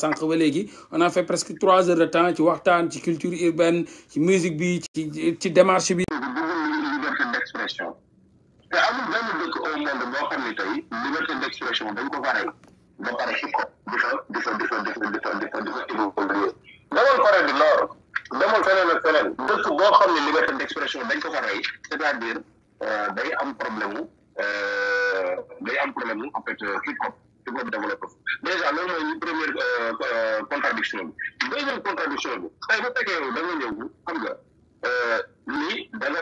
sànq ba léegi on a fait presque trois heures de temps ci waxtaan ci culture urbaine ci musique bi ci ci démarche bi. liberté d'expression te amul benn dëkk au monde boo xam ne tey liberté d'expression dañ ko faral ba pare hip di fa di di fa di di fa di fa di fa évoluer demal Corée du Nord demal feneen ak feneen dëkk boo xam ne liberté d'expression dañ ko faral c'est-à-dire euh, day am problème mu euh, day am problème mu en fait euh, hip hop di ko développé déjà loolu mooy première euh, euh, contradiction bi deuxième contradiction bi tey bu fekkee yow da nga ñëw xam nga nii euh, da nga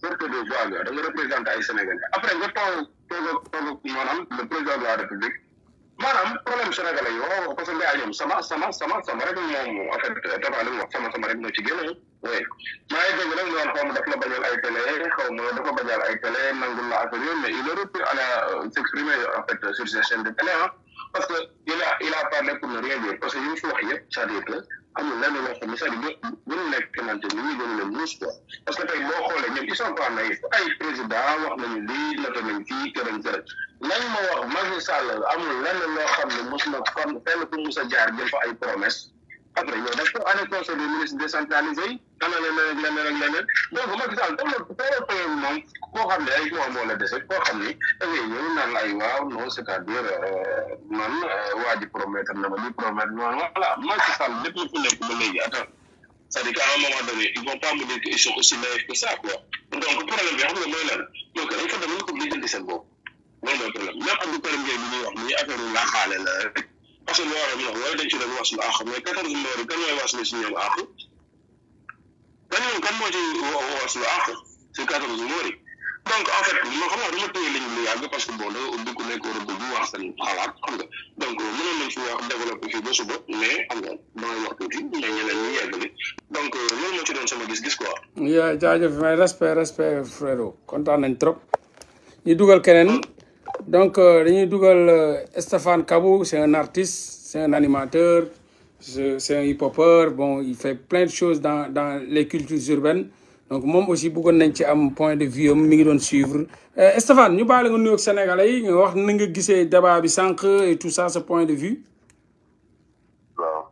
porte de voix nga da nga représenté ay Sénégalais après nga toog toog toog maanaam le président de la République maanaam problème sénégalais yi waxoo ko parce que Mbaye Alioune sama sama sama sama rek moom en fait dafa lu wax sama sama rek moo ci génn oui maa ngi dégg nag ñu naan xaw ma daf la bañal ay télé xaw ma dafa bañal ay télé nangul la affaire yooyu mais il a repris à s'exprimer en fait sur ces chaînes de télé ah parce que pas nekkul ne réew mi parce que li ñu amul lenn loo xam ne c'est-à-dire bu bu ñu leen muus quoi parce que tey boo xoolee ñoom ils sont pas naïfs ay président wax nañu lii nata nañ fii këram këram lañ ma wax Macky Sall amul lenn loo xam ne mos na kon fenn fu ay promesse après yow daf ko année conseil des ministres décentralisé yi ana leneen ak leneen ak leneen donc Macky Sall la période koo xam ne ay moom moo la dese koo xam ni da ngay ñëw naan ay waaw non c'est-à-dire euh, man euh, a ji promettre na ma lii promettre non voilà Macky Sall lépp lu fi nekk ba léegi attends c'est-à-dire qu'à un moment donné ils vont pas me dire qu'ils sont aussi naïfs que ça quoi donc problème bi xam nga mooy lan mooy que dem ñu ko lijjanti seen problème même Abdou Karim Gueye bi ñuy wax nii affaire yu laaxaale la rek parce que lu waroon wax waaye dañ ci doon waslu àq mais quatorze mois kan mooy waslu si ñoom si quatorze donc en fait man xam naa dama téye liñ lu yàgg parce que bon danga ubbi ku nekk war a dugg wax seen xalaat xam nga donc mënoon nañ fi wax développé fii ba suba mais xam nga damay wax tuuti mais ñeneen ñi yegg bi donc euh, loolu moo ci doon sama gis-gis quoi. yaa jaajëf mais respect respect frérot kontaan nañ trop ñu dugal keneen donc euh, dañuy dugal euh, Stéphane Kabou c'est un artiste c'est un animateur c'est un hip-hopeur bon il fait plein de choses dans dans les cultures urbaines. donc moom aussi bëggoon nañ ci am point de vue am mi ngi doon suivre euh, Stéphane ñu baale nga nuyoog Sénégalais yi nga wax na nga gisee débat bi sànq et tout ça point de vue. waaw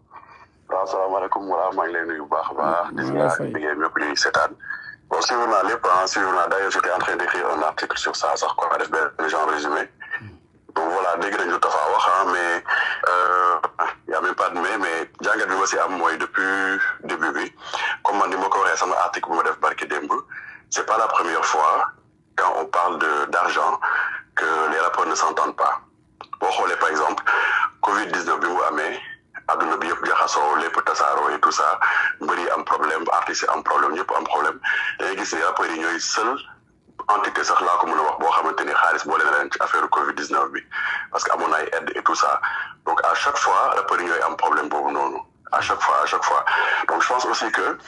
waaw salaamaaleykum wala maa ngi lay nuyu bu baax a baax. di seetaan. bon suivre naa lépp ah suivre naa d'ailleurs j'étais en train d'écrire un article sur ça sax quoi def benn genre résumé. voilà dégg nañ lu taxaa wax mais euh, y a même pas de mais mais jàngat bi ma si am mooy depuis début bi comme man ni ma ko waxee sama article bu ma def barki démb c'est pas la première fois quand on parle de d'argent que les rapports ne s'entendent pas boo xoolee par exemple Covid 19 bi mu amee adduna bi yëpp jaxasoo lépp tasaaroo et tout ça mbëri am problème artistes yi am problème ñëpp am problème dañuy gis ne yi ñooy seul entité sax laa ko mën a wax boo xamante ni xaalis boole na leen ci affaire Covid 19 bi parce que amoon na aide et tout ça donc à chaque fois rappeurs yi ñooy am problème boobu noonu à chaque fois à chaque fois donc je pense aussi que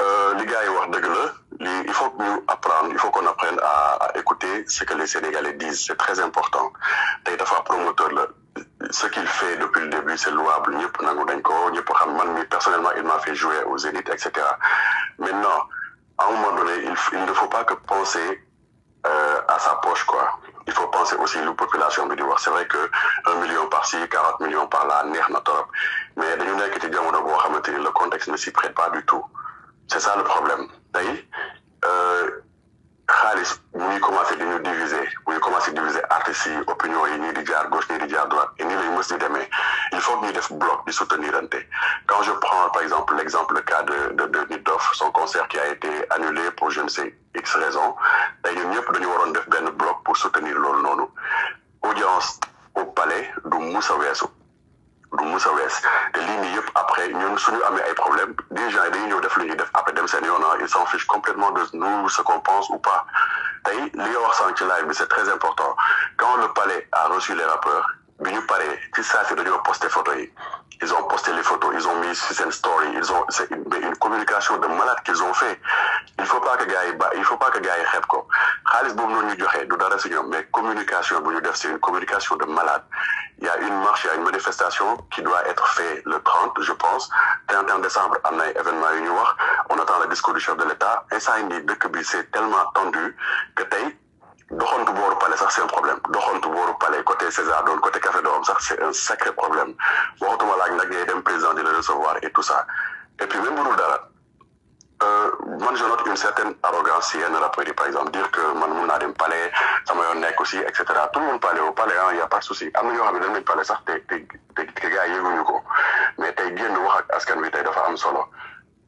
euh, li gars yi wax dëgg la li il faut que ñu apprendre il faut qu'on apprenne à à écouter ce que les Sénégalais disent c'est très important tey dafa promoteur la. ce qu'il fait depuis le début c'est louable ñëpp nangu dañ ko ñëpp xam man mi personnellement il m'a fait jouer au maintenant à un moment donné il ne faut Euh, à sa poche quoi il faut penser aussi lu population bi di wax c'est vrai que un million par ci quarante millions par là neex na torop mais dañu nekk ci jamono boo xamante ni le contexte ne s'y prête pas du tout c'est ça le problème tey euh, xaalis muy commencé di ñu diviser muy commencé diviser artistes yi opinion yi ñii di jaar gauche ñii di jaar droite et nii lañ mës di il faut que def bloc di soutenirante quand je prends par exemple l'exemple le cas de de de Nit Doff son concert qui a été annulé pour je ne x raison tey ñun ñëpp dañu waroon def benn bloc pour soutenir loolu noonu audience au palais du Moussa weesu so a wees te lii nii yëpp après ñun amee ay problème des gens yi dañuy ñëw def lu ñuy def après dem seen yoon ah, ils s'en fichent complètement de nous ce qu'on pense ou pas tey li nga wax sànq ci live bi c'est très important quand le palais a reçu les rappeurs bi ñu paree ci saa si dañoo posté photo yi ils ont posté les photos ils ont mis sur seen story ils ont communication de malade qu'ils ont fait il faut pas que gars yi ba il faut pas que gars yi xeeb ko xaalis boobu noonu ñu joxe du dara si ñoom mais communication bu ñu def c'est une communication de malade il y a une marche il y a une manifestation qui doit être faite le 30 je pense 31 décembre am na ay événement yu ñu wax on attend le discours du chef de l'État instant yii dëkk bi c'est tellement tendu que tey doxantu booru palais sax c'est un problème doxantu booru palais côté César doon côté Café Dôme sax c'est un sacré problème waxatuma laaj dem président di la recevoir et dara. Euh, man je note une certaine arrogance si yenn rappeurs yi par exemple dire que man mun naa dem palais sama yoon nekk aussi et cetera tout le monde palais au palais ah y' a am na ñoo xam ne te te am solo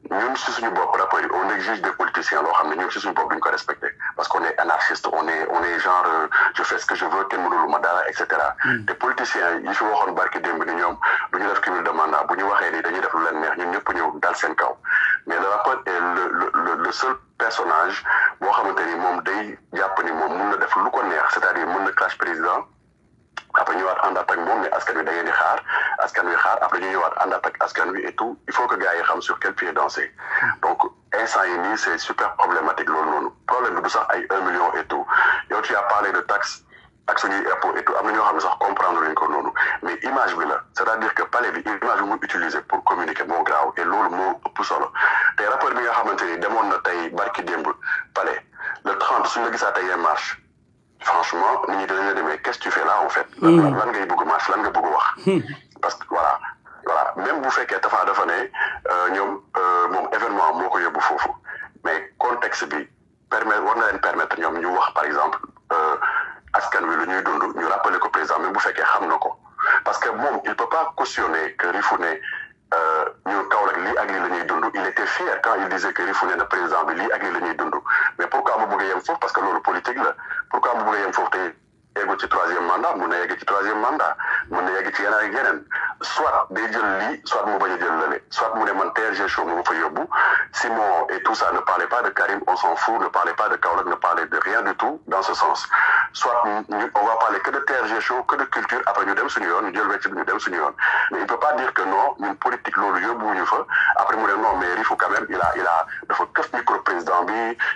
ñun si suñu bopp rappeurs yi on exige des politiciens loo xam ne ñun si suñu bopp duñ ko respecté parce qu'on est anarchiste on est on genre euh, je fais que je veux kenn mënulu ma dara et cetera. Hmm. politiciens yi fi waxoon barki démb ñoom du ñu def cumul de bu ñu waxee nii lu leen neex ñun ñëpp ñëw dal mais da ko le le seul personnage boo xamante ni moom day jàpp ni moom mun na def lu ko neex c'est-à-dire mun na clash président après ñëwaat àndaat ak moom mais askan wi da ngeen di xaar askan wi xaar après ñu ñëwaat àndaat ak askan wi et tout il faut que gars xam sur quel pied danser donc instant yi c'est super problématique loolu noonu problème du sax ay un million et tout yow tu as parlé de taxe ak suñuy impôt et tout am na ñoo xam ne sax comprendre luñ ko noonu mais image bi la c'est-à-dire que palais bi image bi mu utiliser pour communiquer moo gaaw et solo tey rapport bi nga xamante ni demoon na tey barki démb palais le 30 suñ la gisaa tey marche franchement nit ñi dañu la demee qu'est-ce que tu fais là en fait. lan hmm. ngay bëgg marche lan nga bëgg wax. Hmm. parce que voilà voilà même bu fekkee dafa dafa ne euh, ñoom euh, moom événement moo ko yóbbu foofu mais contexte bi permettre war na leen permettre ñoom ñu wax par exemple euh, askan wi lu ñuy dund ñu rappeler ko président même bu fekkee xam na ko parce que moom il peut pas cautionner que Rifouné ñu Kaolack lii ak lii e fier quand il disait que rifu nee na président bi lii ak lii la ñuy dund mais pourquoi mu bëgg a yem foofu parce que loolu politique la pourquoi mu bëgg a yem foofu te yeggu ci troisième mandat mun na yegg ci troisième mandat mun na yegg ci yeneen ak yeneen soit jël lii soit mu bañ a jël lële soit mu ne man TRG show mu fa yóbbu Simon et tout ça ne parlait pas de Karim on s'en fout ne parlait pas de Kaolack ne parlait de rien du tout dans ce sens soit ñu on va parler que de terre chaud que de culture après ñu dem suñu yoon ñu jël wecc bi yoon mais il peut pas dire que non politique loolu yóbbuwuñu fa après mu ne non quand même il a il a dafa këf micro président bi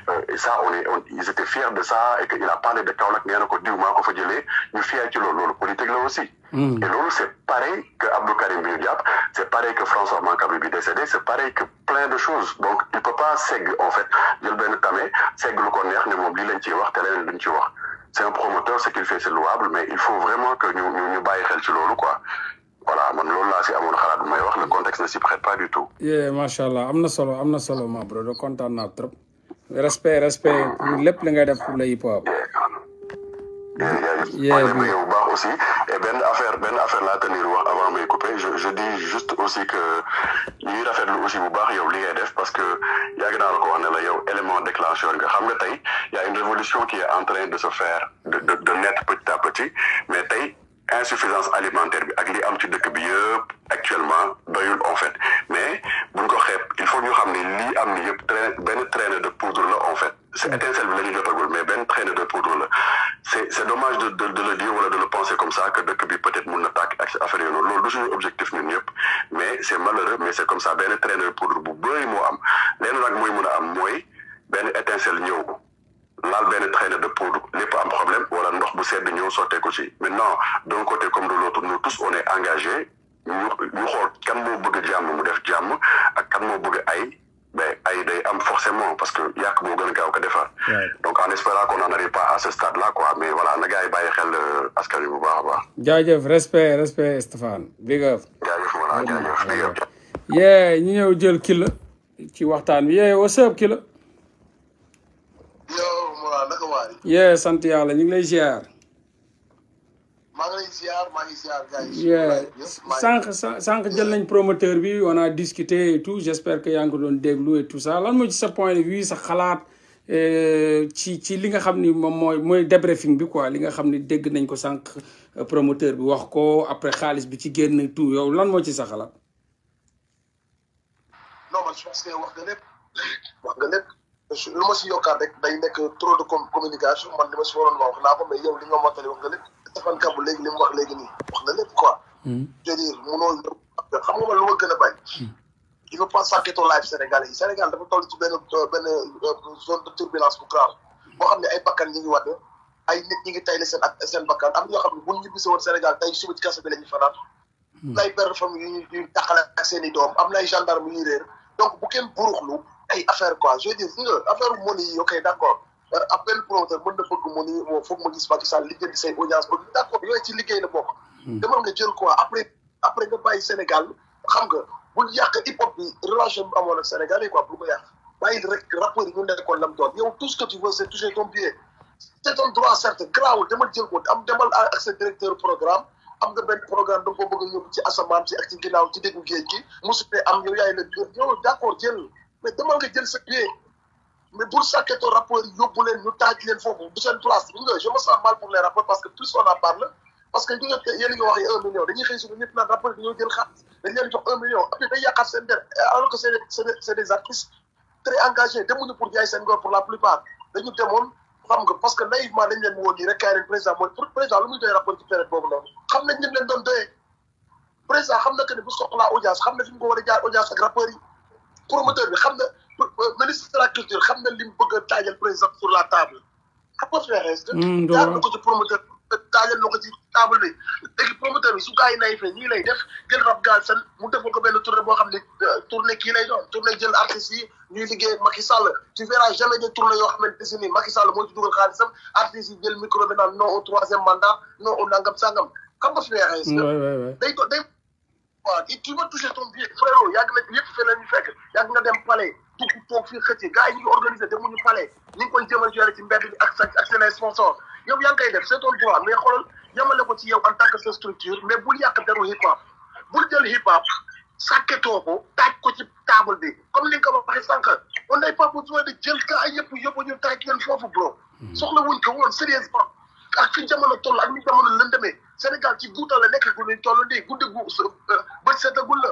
euh, et ça on de ça et que il a parlé de Kaolack nee na ko diw maa ko fa jëlee ñu fier ci loolu loolu politique la aussi. Hmm. et loolu c' est pareil que Abdou Karim bi ñu jàpp c' pareil que François Mancabou bi décédé c' c'est un promoteur ce qu'il fait c'est louable mais il faut vraiment que ñu ñu ñu bàyyi xel ci loolu quoi voilà man loolu laa si amoon xalaat bu may le contexte ne s'y prête pas du tout. macha allah am na solo am na solo ma bro kontaan naa trop. respect respect pour lépp li ngay def pour le hip bu baax aussi et benn affaire benn affaire laa tenir wax avant may couper je dis juste aussi que. ñu ngi rafetlu aussi bu baax yow li ngay def parce que yàgg naa la ko wax yow élément déclencheur nga xam nga tey y a une révolution qui est en train de se faire de de petit à petit mais tey insuffisance alimentaire bi ak li am ci dëkk bi yëpp actuellement doyul en fait mais buñ ko xeeb il faut ñu xam ne lii am ni yëpp train benn traînée de poudre la en fait c'est mm. étincelle bi la ñu jotagul mais benn traînée de poudre la de le wala de penser comme ça que dëkk bi peut-être mun na tàkk ak affaire yooyu noonu loolu du suñu objectif ñun ñëpp mais c'est malheureux mais c'est comme ça benn train de poudre bu bëri moo am lenn nag mooy mun a am mooy benn étincelle ñëw laal benn train de poudre lépp am problème wala ndox bu sedd ñëw sottee ko ci maintenant d'un côté comme de l'autre nous tous on est engagés ñu ñu xool kan moo bëgg jàmm mu def jàmm ak kan moo bëgg ay mais ay day am forcément parce que yàq moo gën a gaaw ko donc en espérant qu'on n'en arrive pas à ce stade là quoi mais voilà na gars yi bàyyi xel euh, askan wi baax a baax. jaajëf respect respect Stéphane big up. jaajëf voilà jaajëf yee ñu ñëw jël kila ci waxtaan bi yee what's up kila. yow yee sant yàlla ñu ngi lay ziar. maa ngi lay ziar maa ngi ziar sànq jël nañ promoteur bi on a discuté et tout j' que yaa ngi ko doon déglu et tout ça lan moo ci sa point de vue euh, ci ci li nga xam ni moom mooy mooy fin bi quoi li nga xam ni dégg nañ ko sànq euh, promoteur bi wax ko après xaalis bi ci génn tout yow lan moo ci sa xalaat. non man je nga lépp wax nga si yokkaat rek day nekk trop de communication man Ousmane Kambou léegi li mu wax léegi nii wax na lépp quoi. je hmm. veux dire munoo xam nga man lu gën a bañ. il hmm. faut pas sàkkee ton live Sénégalais Sénégal dafa toll ci benn euh, benn euh, zone de turbulence bu grave boo xam ne ay bakkan ñu ngi wàdd ay nit ñi ngi tayle seen bakkan am ñoo xam ne buñ ñibbisi woon Sénégal tey suba ci kaso bi la ñu fanaan. Hmm. am na ay pères de famille yu ñuy ak seen doom am na ay gendarme yu ñuy réer donc bu kenn buruxlu ay affaire quoi je dire affaire monnaie yi ok appel promoteur mën na bëgg mu ni moo foog ma gis Macky Sall liggéey di say audience bëgg d'accord yooyu ci liggéey la bokk hmm. demal nga jël quoi après nga bàyyi Sénégal xam nga bul yàq hip hop bi relation bi amoon ak Sénégal yi quoi bul ko yàq bàyyi ton billet c'est ton droit certes grawul demal jël ko am demal ak sa directeur programme am nga benn programme da nga ko bëgg a yóbbu ci asamaan si ak ci ginnaaw ci déggu géej gi mosu fee am yow yaay la jur mais pour ça que rapport yóbbu leen ñu taaj leen foofu bu place bi nga je me mal pour les rapports parce que plus on en parle parce que ñu nga yéen a ngi wax un million dañuy xëy suñu ñëpp naan rapport yi dañoo jël xaalis dañ leen jox un million après day yàqaat seen der alors que c'est des artistes très engagés demuñu pour jaay seen ngor pour la plupart dañu demoon parce que naïvement dañ leen woon nii rek kaay leen président na que ne bu soxlaa na ministre de la culture xam na lim bëgg a taajal président sur la table. apporte les restes. jaar na ko ci promoteur taajal na ko ci table bi. léegi promoteur bi su gars yi nay fee ñii lay def jël rab gaal seen mu defal ko benn tournée boo xam ne euh, tournée kii lay doon tournée jël artistes yi ñuy liggéey ak Macky Sall. tu verras jamais des tournées yoo xamante ne nii Macky Sall moo ci dugal xaalisam artistes yi jël micro bi naan non au troisième mandat non au nangam sangam xam nga su les restes. waay waay waay day ko day. waaw tu vas toucher ton billet frérot yàgg na yëpp fee la ñu fekk yàgg nga dem palais. tuuti poog fii xëcc gars yi ñu ngi organisé demuñu palais ñu ngi koy jëmal joxe ci mbedd bi ak sa ak seen sponsor yow yaa ngi koy def c'est ton droit mais xoolal yemale ko ci yow en tant que sa structure mais bul yàq deru hip hop bul jël hip hop sàkketoo ko taaj ko ci table bi comme li nga ko waxee sànq on n'est pas besoin de jël gars yëpp yóbbu ñu taaj leen foofu bro. Hmm. soxla wuñ ko woon sérieusement ak fi jamono toll ak ni jamono lëndëmee Sénégal ci guuta la nekk gu ñu toll nii guddi gu euh, bët setagul la.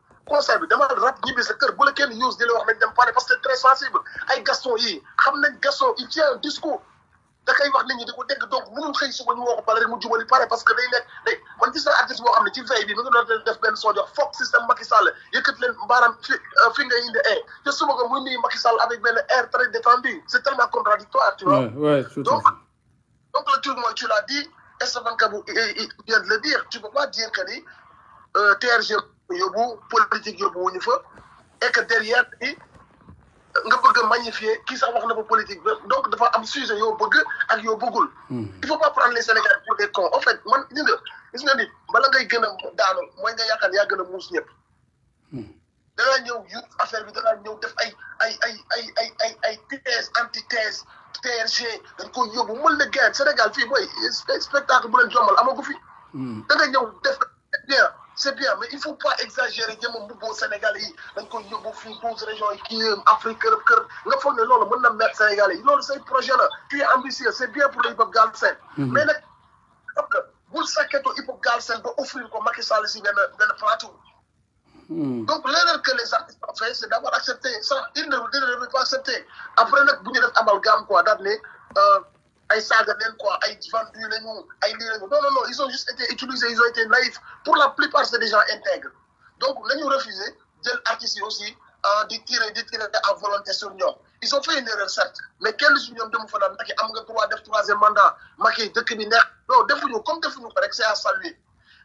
conseil bi dama rab ñibbi sa kër bu la kenn news di la wax nañ parce que très sensible ay Gaston yii xam nañ Gaston il tient un wax nit ñi di ko dégg donc mënul xëy suba ñu woo ko pare rek mu jubali pare parce que day nekk day man gis naa artiste boo ci veille bi mu ngi doon def benn système Macky Sall yëkkat leen baaraam fi euh, fi nga air te suba ko muy nuyu Macky Sall contradictoire donc donc le truc mooy tu l' as dit de le dire tu peux pas dire que ni euh, TRG yóbbu politique yóbbu wuñu fa et derrière nga bëgg a magnifier kii sax wax na fa politique donc dafa am sujet yoo bëgg ak yoo bëggul. Hmm. il faut pas prendre les Sénégalais man gis nga gis nga ni bala ngay gën a daanu mooy nga yaakaar yaa gën a muus ñëpp. Hmm. ñëw yu affaire bi danaa ñëw def ay ay ay ay ay ay ay thèse antithèse TRG dañ ko yóbbu mën na gën Sénégal fii mooy spectacle bu leen jommal amagu fi. Hmm. da nga ñëw def eh c'est bien mais il faut pas exagérer ñoom moom mbubboo Sénégalais yi dañ koy yóbbu fii douze régions yi kii Afrique kërëb kërëb nga foog ne loolu mën na mettre Sénégalais yi loolu say projet la tu es c'est bien pour le hip-hop galsen mhm. mais nag xam nga bul sàkketoo hip-hop galsen ba offrir ko Macky Sall si benn plateau hmm. donc l'erreur que les artistes ont fait c'est d'avoir accepté ça il ne devait pas accepter après nag bu ñu amalgame quoi daal ne euh, ay saaga leen quoi ay vendu lañu ay lii lañu non non non ils ont juste été utilisés ils ont été naïfs pour la plupart c'est des gens intègres donc lañu refusé jël artistes yi aussi euh, di tirer di tirer à volonté sur ñoom ils ont fait une erreur mais kenn su demu fa naan am nga droit def troisième mandat Macky dëkk bi neex non defuñu comme defuñu ko rek c'est à saluer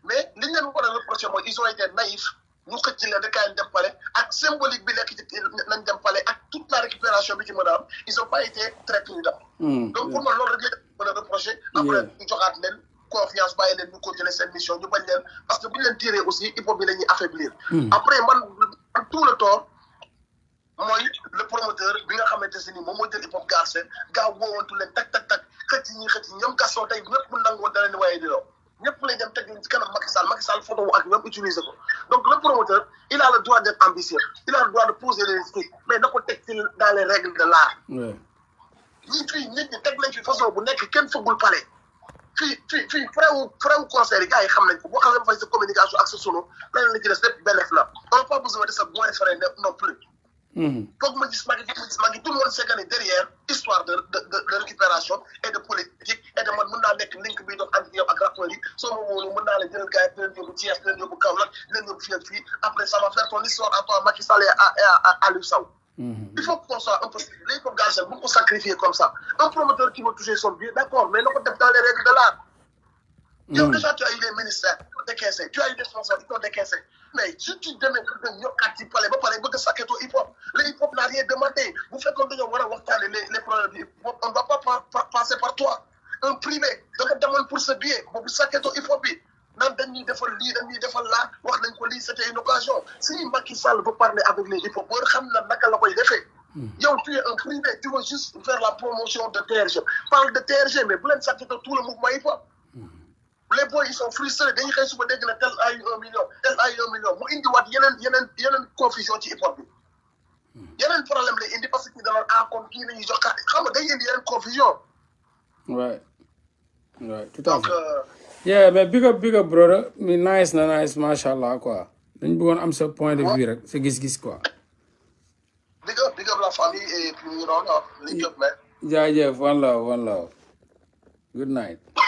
mais liñ leen war a reprocher mooy ils ont été naïfs mu xëcc ne dakaay dem ak symbolique bi nekk ci nañ ak toute la récupération bi ci mën a am ils ont pas été très prudents hmm. donc pour man loolu rek la a reproché après ñu joxaat leen confiance bàyyi leen ñu continuer seen mission ñu bañ leen parce que bu ñu leen aussi il faut bi la affaiblir hmm. après man tout le temps mooy le promoteur bi nga xamante si ni moom moo jël hip hop gaar seen gaaw woowantu leen tak tak tak xëcc ñi xëcc ñoom gasoo tey ñëpp mu nangu woon dara ni waaye di ñëpp lay dem teg ci kanam Macky Sall Macky Sall photo ak ñoom utiliser ko donc le promoteur il a le droit d'être ambitieux il a le droit de poser mais na teg ci dans les règles de l'art ñi fii nit teg nañ fi façon bu nekk kenn fëggul palais fii fii fii frais wu frais wu concert xam nañ ko boo xam ne fay sa communication ak sa solo leneen la ci des lépp on n'a pas besoin de sa bon frère non plus Mm-hmm. foog ma gis Macky foog ma gis Macky tout le monde derrière histoire de récupération et de politique et de man mën naa nekk link bi dox ak yow ak rapport yi soo ma wóolu mën naa la jëlal gars yi di leen yóbbu Thiès di leen yóbbu fii après ça va faire ton histoire à toi Macky Sall et mm-hmm. il faut comme garçon bu ko sacrifier comme ça un promoteur qui va toucher son billet d'accord mais na ko dans les règles de l'art mm-hmm. yow déjà tu as eu les ministères tu tu as eu des sponsors ils t'ont mais su ci demee da nga yokkaat ci palais ba pare bëgg a sakkatoo hip hop le hip hop n'a rien demandé bu fekkoon dañoo a waxtaane les les on va passer par toi un privé da nga pour sa billet boobu sakkatoo hip hop bi naan dañ ñuy defal lii dañ ñuy defal laa wax nañ ko lii c'était une occasion si Macky Sall veut parler avec les hip hopeurs xam na naka la koy defee. Hmm. yow tu es un privé tu veux juste faire la promotion de TRG parle de TRG mais bu leen sakkatoo tout le mouvement les boys ils sont frustrés dañu xëy suba dégg na tel ay un million tel ay un million mu indiwaat yeneen yeneen yeneen confusion ci hip-hop bi yeneen problème lay indi parce que da doon ah kon kii la ñuy jox kàddu xam nga day indi yeneen confusion. waay waay tout à fait. Euh, yeah mais big up big up brother mi nice na nice macha allah quoi dañ bëggoon am sa point de vue rek sa gis-gis quoi. big up big up la famille et puis ñu doon li jot mais. jaajëf one love one love good night.